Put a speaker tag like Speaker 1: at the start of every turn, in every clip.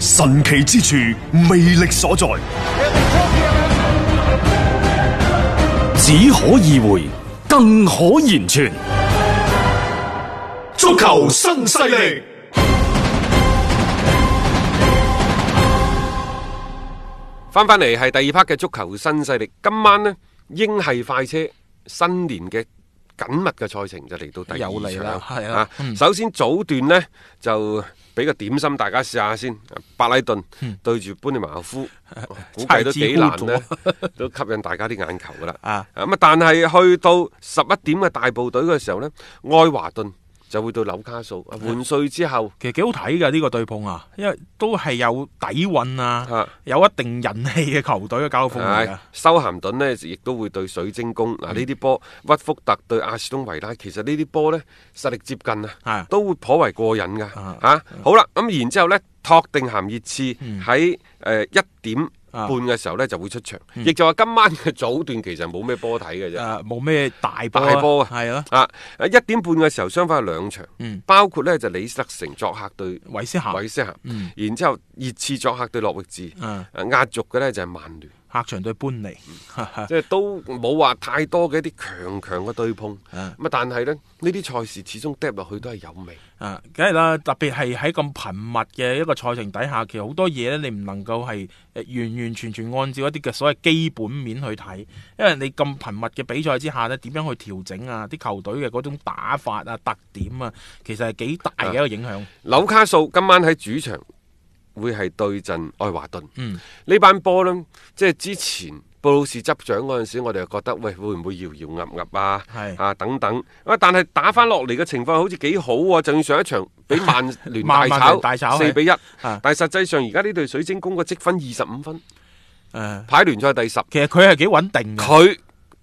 Speaker 1: 神奇之處，魅力所在，
Speaker 2: 只可意會，更可言傳。
Speaker 1: 足球新勢力，翻翻嚟係第二 part 嘅足球新勢力。今晚呢，英超快車，新年嘅。緊密嘅賽程就嚟到第二場，啊嗯、首先早段呢就俾個點心大家試下先，白禮頓對住般尼茅夫，嗯、估計都幾難呢， 都吸引大家啲眼球噶啦。咁啊，啊，但係去到十一點嘅大部隊嘅時候呢，愛華頓。就會對紐卡素換帥之後，其實幾好睇噶呢個對碰啊，因
Speaker 2: 為都係有底蘊
Speaker 1: 啊，啊有一定人氣嘅球隊嘅交鋒啊。修咸頓呢亦都會對水晶宮啊，呢啲波屈福特對阿斯頓維拉，其實呢啲波呢，實力接近啊，啊都會頗為過癮噶吓。啊啊、好啦，咁、嗯、然之後咧，托定咸熱刺喺誒一點。半嘅時候呢就會出場，亦、嗯、就話今晚嘅早段其實冇咩波睇嘅啫，冇咩、啊、大波啊，係咯、啊，啊一、啊、點半嘅時候雙方兩場，嗯、包括呢就是、李斯特城作客對韋斯咸，韋斯咸，嗯、然之後熱刺作客對諾域治，嗯、啊，壓軸嘅呢就係曼聯。
Speaker 2: 客場對搬嚟，
Speaker 1: 即係都冇話太多嘅一啲強強嘅對碰，咁、啊、但係咧呢啲賽事始終掉入去都係有味
Speaker 2: 啊，梗係啦，特別係喺咁頻密嘅一個賽程底下，其實好多嘢咧你唔能夠係完完全全按照一啲嘅所謂基本面去睇，因為你咁頻密嘅比賽之下咧，點樣去調整啊？啲球隊嘅嗰種打法
Speaker 1: 啊、特點啊，其實係幾大嘅一個影響。紐、啊、卡素今晚喺主場。會係對陣愛華頓。嗯，呢班波呢，即係之前布魯斯執掌嗰陣時，我哋又覺得喂會唔會搖搖岌岌啊？是啊，等等。喂，但係打翻落嚟嘅情況好似幾好喎、啊，仲要上一場俾曼聯大炒四 比一。但係實際上而家呢隊水晶宮嘅積分二十五分，誒、啊，排聯賽第十。其實佢係幾穩定，佢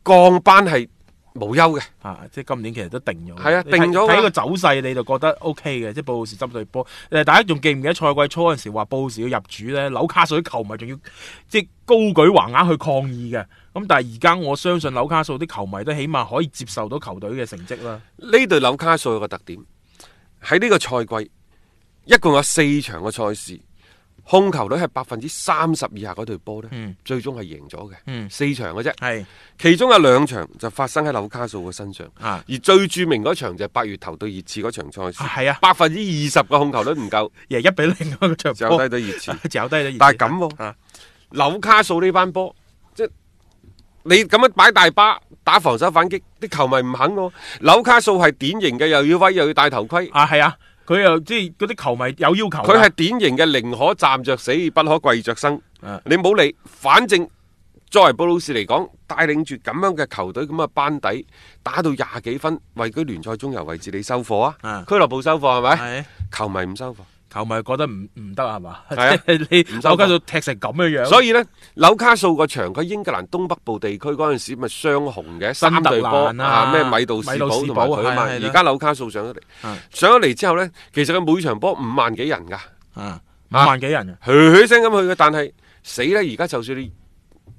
Speaker 1: 降班係。無憂嘅，啊，即係今年其實都定咗，係啊，看定咗了睇，個
Speaker 2: 走勢你就覺得 O K 嘅，即係布魯士針對波，誒，大家仲記唔記得賽季初嗰時話布魯士要入主咧，紐卡素啲球迷仲要即係高舉橫額去抗議嘅，咁、嗯、但係而家我相信紐卡素啲球迷都起碼可以接受到球隊嘅成績啦。
Speaker 1: 呢隊紐卡素有個特點，喺呢個賽季一共有四場嘅賽事。控球率係百分之三十以下嗰隊波呢，最終係贏咗嘅。四場嘅啫，其中有兩場就發生喺紐卡素嘅身上。而最著名嗰場就係八月頭對熱刺嗰場賽事。係啊，百分之二十嘅控球率唔夠，而係一比零嗰場波，低到熱刺，但係咁紐卡素呢班波，即係你咁樣擺大巴打防守反擊，啲球迷唔肯喎。紐卡素係典型嘅，又要威又要戴頭盔。啊，係啊。佢又即係嗰啲球迷有要求，佢係典型嘅寧可站着死，不可跪着生。啊、你冇理，反正作為布魯斯嚟講，帶領住咁樣嘅球隊咁嘅班底，打到廿幾分，位居聯賽中游位置，你收貨啊？啊俱樂部收貨係咪？係係啊、球迷唔收貨。係咪覺得唔唔得啊？係嘛？係啊，的 你紐卡素
Speaker 2: 踢成咁嘅樣，樣。所以
Speaker 1: 咧，紐卡素個場佢英格蘭東北部地區嗰陣時咪雙紅嘅，新特蘭波啊咩、啊、米杜士堡同埋佢嘛。而家紐卡素上咗嚟，的上咗嚟之後咧，其實佢每場波五萬幾人噶，啊的的五萬幾人，噓噓聲咁去嘅。但係死咧，而家就算你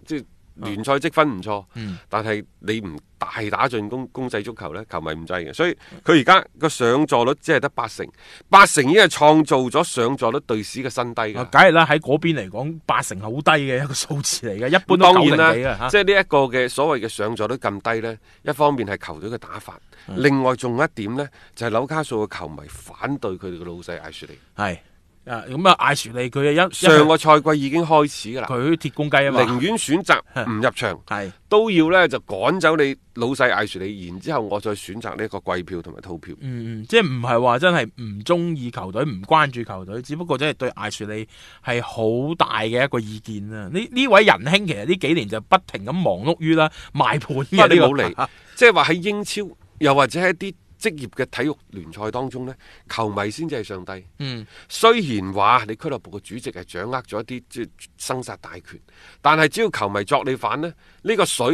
Speaker 1: 即係。聯賽積分唔錯，但係你唔大打進攻攻勢足球咧，球迷唔制嘅，所以佢而家個上座率只係得八成，八成已經係創造咗上座率隊史嘅新低嘅。
Speaker 2: 梗係啦，喺嗰邊嚟講，八成係好低嘅一個數字嚟嘅，一般都九零幾、啊、即係
Speaker 1: 呢一個嘅所謂嘅上座率咁低呢，一方面係球隊嘅打法，嗯、另外仲有一點呢，就係、是、紐卡素嘅球迷反對佢哋嘅老細艾殊利。係。啊，咁啊艾樹莉，佢啊一上個賽季已經開始噶啦，佢鐵公雞啊嘛，寧願選擇唔入場，係都要咧就趕走你老細艾樹莉，然之後我再選擇呢一個季票同埋套票。
Speaker 2: 嗯嗯，即係唔係話真係唔中意球隊，唔關注球隊，只不過真係對艾樹莉係好大嘅一個意見啦。呢呢位仁兄其實呢幾年就不停咁忙碌於啦賣盤嘅、啊、呢、嗯這個，理 即
Speaker 1: 係話喺英超又或者係一啲。職業嘅體育聯賽當中呢，球迷先至係上帝。嗯，雖然話你俱樂部嘅主席係掌握咗一啲即係生殺大權，但係只要球迷作你反咧，呢、呢個水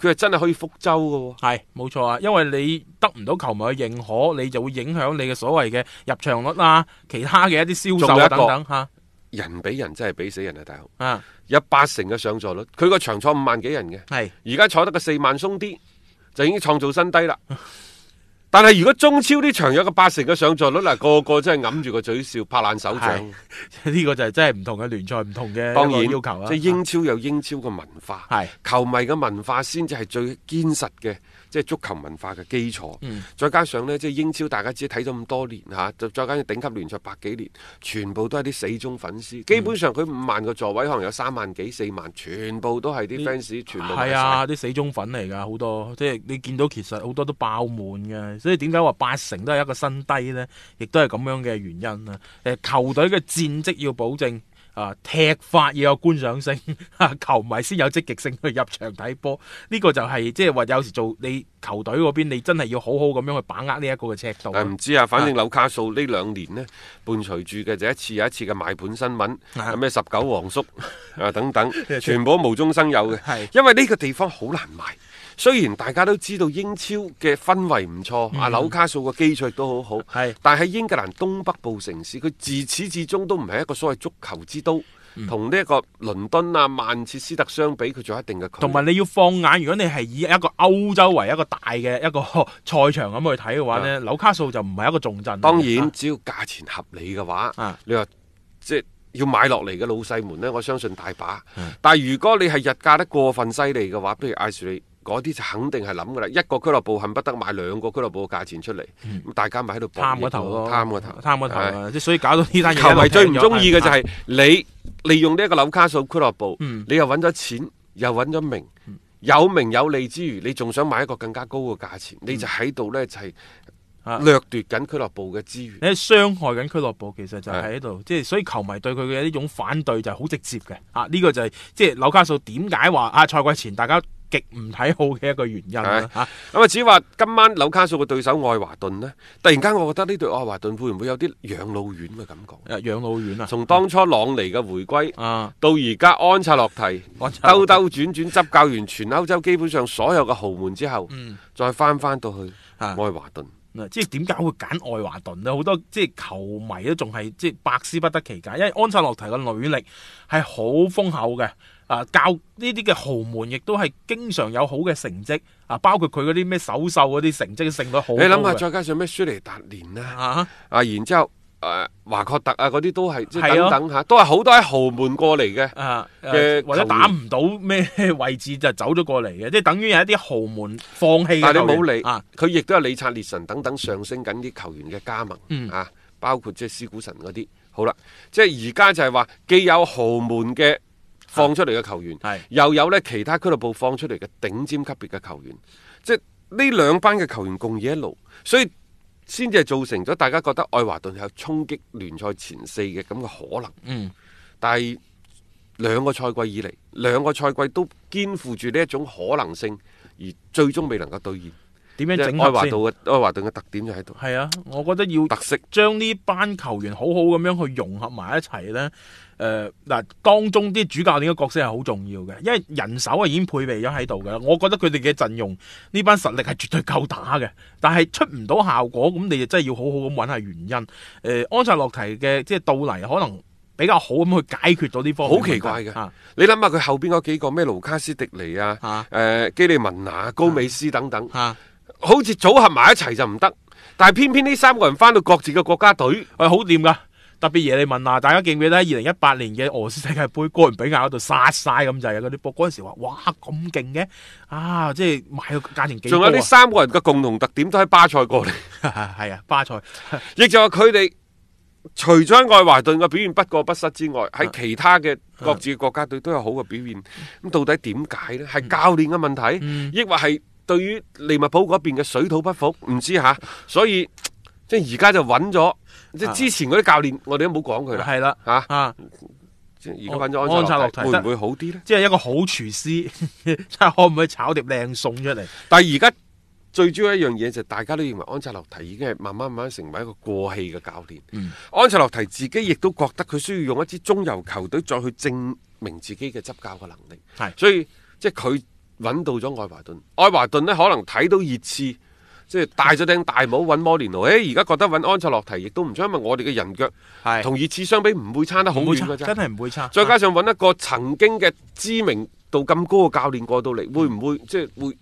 Speaker 1: 佢係真係可以覆舟噶。係，冇錯啊，因為你得唔到球迷嘅認
Speaker 2: 可，你就會影響你嘅所謂嘅入場率啊，其他嘅一啲銷售啊等等吓。啊、
Speaker 1: 人比人真係比死人學啊！大佬啊，有八成嘅上座率，佢個場坐五萬幾人嘅，係而家坐得個四萬鬆啲，就已經創造新低啦。 但係如果中超呢場有個八成嘅上座率嗱，個個真係揞住個嘴笑，拍爛手掌。呢個就係真係唔同嘅聯賽，唔同嘅當然要求啦。即係英超有英超嘅文化，係球迷嘅文化先至係最堅實嘅。即係足球文化嘅基礎，嗯、再加上呢，即係英超大家只睇咗咁多年就、啊、再加上頂級聯賽百幾年，全部都係啲死忠粉絲。嗯、基本上佢五萬個座位可能有三萬幾四萬，全部都係啲 fans，全部係啊
Speaker 2: 啲死忠粉嚟㗎，好多。即係你見到其實好多都爆滿嘅，所以點解話八成都係一個新低呢？亦都係咁樣嘅原因啦。誒，球隊嘅戰績要保證。啊！踢法要有觀賞性，啊、球迷先有積極性去入場睇波。呢、呢個就係即係話有時做你球隊嗰邊，你真係要好好咁樣去把握呢一個
Speaker 1: 嘅尺度。但唔知啊，反正紐卡素呢兩年呢，伴隨住嘅就一次又一次嘅賣盤新聞，有咩十九皇叔啊等等，全部都無中生有嘅。因為呢個地方好難賣。雖然大家都知道英超嘅氛圍唔錯，阿、嗯、紐卡素嘅基礎亦都好好，是但係喺英格蘭東北部城市，佢自始至終都唔係一個所謂足球之都，同呢一個倫敦啊、曼切斯特相比，佢仲有一定嘅距離。同埋你要
Speaker 2: 放眼，如果你係以一個歐洲為一個大嘅一個賽場咁去睇嘅話呢、啊、紐卡素就唔係一個重鎮。當然，啊、
Speaker 1: 只要價錢合理嘅話，啊、你話即係要買落嚟嘅老細們呢，我相信大把。嗯、但係如果你係日價得過分犀利嘅話，譬如嗰啲就肯定係諗噶啦，一個俱樂部恨不得賣兩個俱樂部嘅價錢出嚟，咁大家咪喺度貪個頭咯，貪個頭，貪個頭啊！即係所以搞到呢單嘢，球迷最唔中意嘅就係你利用呢一個紐卡素俱樂部，你又搵咗錢，又搵咗名，有名有利之餘，你仲想買一個更加高嘅價錢，你就喺度咧就係掠奪緊俱樂部嘅資源，你傷害緊俱樂部，其實就喺度，即係所以球迷對佢
Speaker 2: 嘅一種反對就係好直接嘅。啊，呢個就係即係紐卡素點解話啊賽季前大家。極唔睇好嘅一個原因啦
Speaker 1: 吓，咁的啊只話今晚紐卡素嘅對手愛華頓呢，突然間我覺得呢對愛華頓會唔會有啲養老院嘅感覺？啊，養老院啊！從當初朗尼嘅回歸啊到，到而家安察洛提兜兜轉轉執教完全歐洲基本上所有嘅豪門之後，嗯、再翻翻到去愛華頓，啊嗯，即
Speaker 2: 係點解會揀愛華頓咧？好多即係球迷都仲係即係百思不得其解，因為安察洛提嘅履歷係好豐厚嘅。嗯啊！教呢啲嘅豪門亦都係經常有好嘅成績啊，包括佢嗰啲咩首秀嗰啲成績，性都好。你諗下，再
Speaker 1: 加上咩舒尼達連啊，啊,啊，然之後誒、啊、華確特啊，嗰啲都係即係等等嚇，啊啊、都係好多喺豪門過嚟嘅。啊或者打唔到咩位置就走咗
Speaker 2: 過嚟嘅，即係等於有一啲豪門放棄。但你冇、啊啊、理，
Speaker 1: 佢亦都有理察列神等等上升緊啲球員嘅加盟、嗯、啊，包括即係斯古神嗰啲。好啦，即係而家就係話既有豪,既有豪,豪門嘅。放出嚟嘅球員，啊、又有咧其他俱樂部放出嚟嘅頂尖級別嘅球員，即係呢兩班嘅球員共冶一爐，所以先至係造成咗大家覺得愛華頓有衝擊聯賽前四嘅咁嘅可能。嗯，但係兩個賽季以嚟，兩個賽季都肩負住呢一種可能性，而最終未能夠兌現。點樣整開先？愛華頓嘅愛華頓嘅特點就喺度。
Speaker 2: 係啊，我覺得要特色將呢班球員好好咁樣去融合埋一齊咧。誒、呃，嗱當中啲主教練嘅角色係好重要嘅，因為人手係已經配備咗喺度嘅。我覺得佢哋嘅陣容呢班實力係絕對夠打嘅，但係出唔到效果，咁你真係要好好咁揾下原因。誒、呃，安塞洛提嘅即係到嚟可能比較好咁去解決到呢方。好奇怪嘅，
Speaker 1: 啊、你諗下佢後邊嗰幾個咩盧卡斯迪尼啊，誒、啊啊、基利文拿高美斯等等。啊好似組合埋一齊就唔得，但係偏偏呢三個人翻到各自嘅國家隊，係好掂噶。特別嘢你問下，大家記唔記得喺二零
Speaker 2: 一八年嘅俄羅斯世界杯哥倫比亞嗰度殺晒咁就係嗰啲波。嗰陣時話哇咁勁嘅啊，即係買個價錢幾？仲有呢三
Speaker 1: 個人嘅共同特點都喺巴塞過嚟，係啊，巴塞亦就話佢哋除咗愛華頓嘅表現不過不失之外，喺其他嘅各自嘅國家隊都有好嘅表現。咁到底點解咧？係教練嘅問題，抑或係？對於利物浦嗰邊嘅水土不服，唔知嚇、啊，所以即係而家就揾咗即係之前嗰啲教練，我哋都冇講佢啦，係啦嚇啊！而家揾咗安察洛提，提會唔會好啲
Speaker 2: 咧？即係一個好廚師，呵呵可唔
Speaker 1: 可以炒碟靚餸出嚟？但係而家最主要一樣嘢就是、大家都認為安察洛提已經係慢慢慢慢成為一個過氣嘅教練。嗯、安察洛提自己亦都覺得佢需要用一支中游球隊再去證明自己嘅執教嘅能力。係，嗯、所以即係佢。是以揾到咗愛華頓，愛華頓呢可能睇到熱刺，即係戴咗頂大帽揾摩連奴，誒而家覺得揾安切洛蒂亦都唔錯，因為我哋嘅人腳同是熱刺相比唔會差得好遠，真係唔會差。會差再加上揾一個曾經嘅知名度咁高嘅教練過到嚟，嗯、會唔會即係會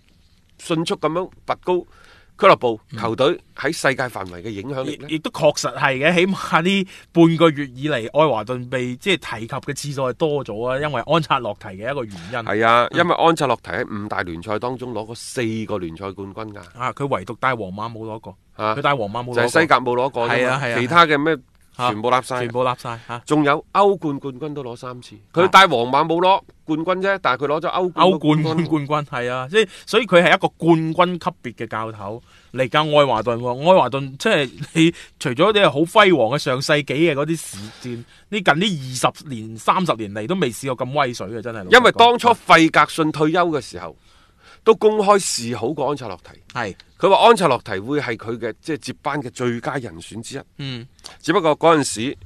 Speaker 1: 迅速咁樣拔高？俱樂部球隊喺世界範圍嘅影響力亦都確實係嘅。起碼呢半個月以嚟，愛華頓被
Speaker 2: 即係提及嘅次數係多咗啊！因為安切洛蒂嘅一個原因。係
Speaker 1: 啊，嗯、因為安切洛蒂喺五大聯賽當中攞過四個聯賽冠軍㗎。啊，
Speaker 2: 佢唯獨帶皇馬冇攞過。
Speaker 1: 佢、啊、帶皇馬冇攞過，就西甲冇攞過。係啊，係啊，啊其他嘅咩？全部攬曬，全部攬曬嚇，仲有歐冠冠軍都攞三次。佢、啊、帶皇馬冇攞冠軍啫，但係佢攞咗歐冠、歐冠冠軍，係啊，所
Speaker 2: 以所以佢係一個冠軍級別嘅教頭嚟教愛華頓喎。愛華頓即係你除咗啲好輝煌嘅上世紀嘅嗰啲史戰，呢近呢二十年三十年嚟都未試過咁威水嘅，真係。
Speaker 1: 因為當初費格遜退休嘅時候。都公開示好過安切洛蒂，係佢話安切洛蒂會係佢嘅即係接班嘅最佳人選之一。嗯，只不過嗰陣時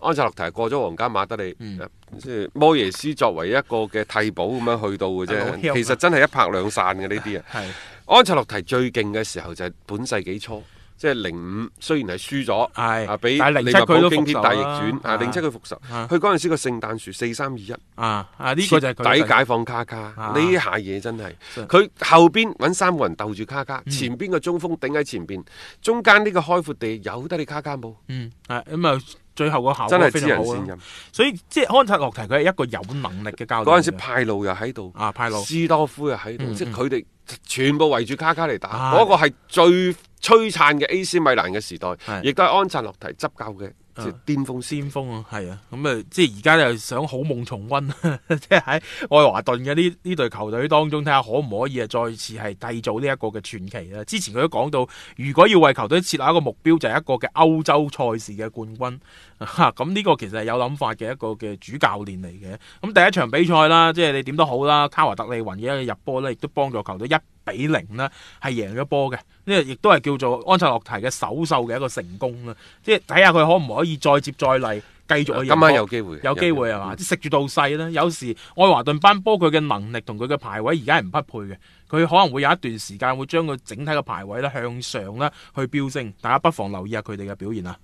Speaker 1: 安切洛蒂過咗皇家馬德里，嗯、即係摩耶斯作為一個嘅替補咁樣去到嘅啫。嗯、其實真係一拍兩散嘅呢啲啊。係、嗯、 是安切洛蒂最勁嘅時候就係本世紀初。即係零五，雖然係輸咗，係是，俾利物浦佢都經歷大逆轉，啊，零七佢復仇，佢嗰陣時個聖誕樹四三二一，啊，啊呢、這個就係底解放卡卡，呢、啊、下嘢真係，佢是後邊搵三個人鬥住卡卡，嗯、前邊個中鋒頂喺前邊，中間呢個開闊地有得你卡卡冇。
Speaker 2: 嗯，啊咁啊。最後個效果真係非常好，知人善任，
Speaker 1: 所以即係安察洛提佢係一個有能力嘅教練。嗰陣時派魯又喺度，啊派魯，斯多夫又喺度、嗯，嗯、即係佢哋全部圍住卡卡嚟打，嗰、嗯、個係最璀璨嘅 AC 米蘭嘅時代，亦都係安察洛提執教嘅。嗯即係顛覆先鋒啊，係
Speaker 2: 啊，咁、嗯、啊，即係而家又想好夢重溫，即係喺愛華頓嘅呢呢隊球隊當中睇下可唔可以啊，再次係締造呢一個嘅傳奇啊。之前佢都講到，如果要為球隊設立一個目標，就係、是、一個嘅歐洲賽事嘅冠軍，咁、啊、呢、嗯這個其實係有諗法嘅一個嘅主教練嚟嘅。咁、嗯、第一場比賽啦，即係你點都好啦，卡華特利雲嘅入波咧，亦都幫助球隊一。比零呢係贏咗波嘅，呢個亦都係叫做安切洛蒂嘅首秀嘅一個成功啦。即係睇下佢可唔可以再接再厲，繼續去。今晚有機會，有機會係嘛？即食住任、嗯、到細啦，有時，愛華頓班波佢嘅能力同佢嘅排位而家係唔匹配嘅，佢可能會有一段時間會將個整體嘅排位咧向上咧去飆升。大家不妨留意下佢哋嘅表現啊！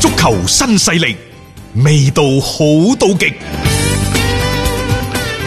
Speaker 1: 足球新勢力，味道好到極。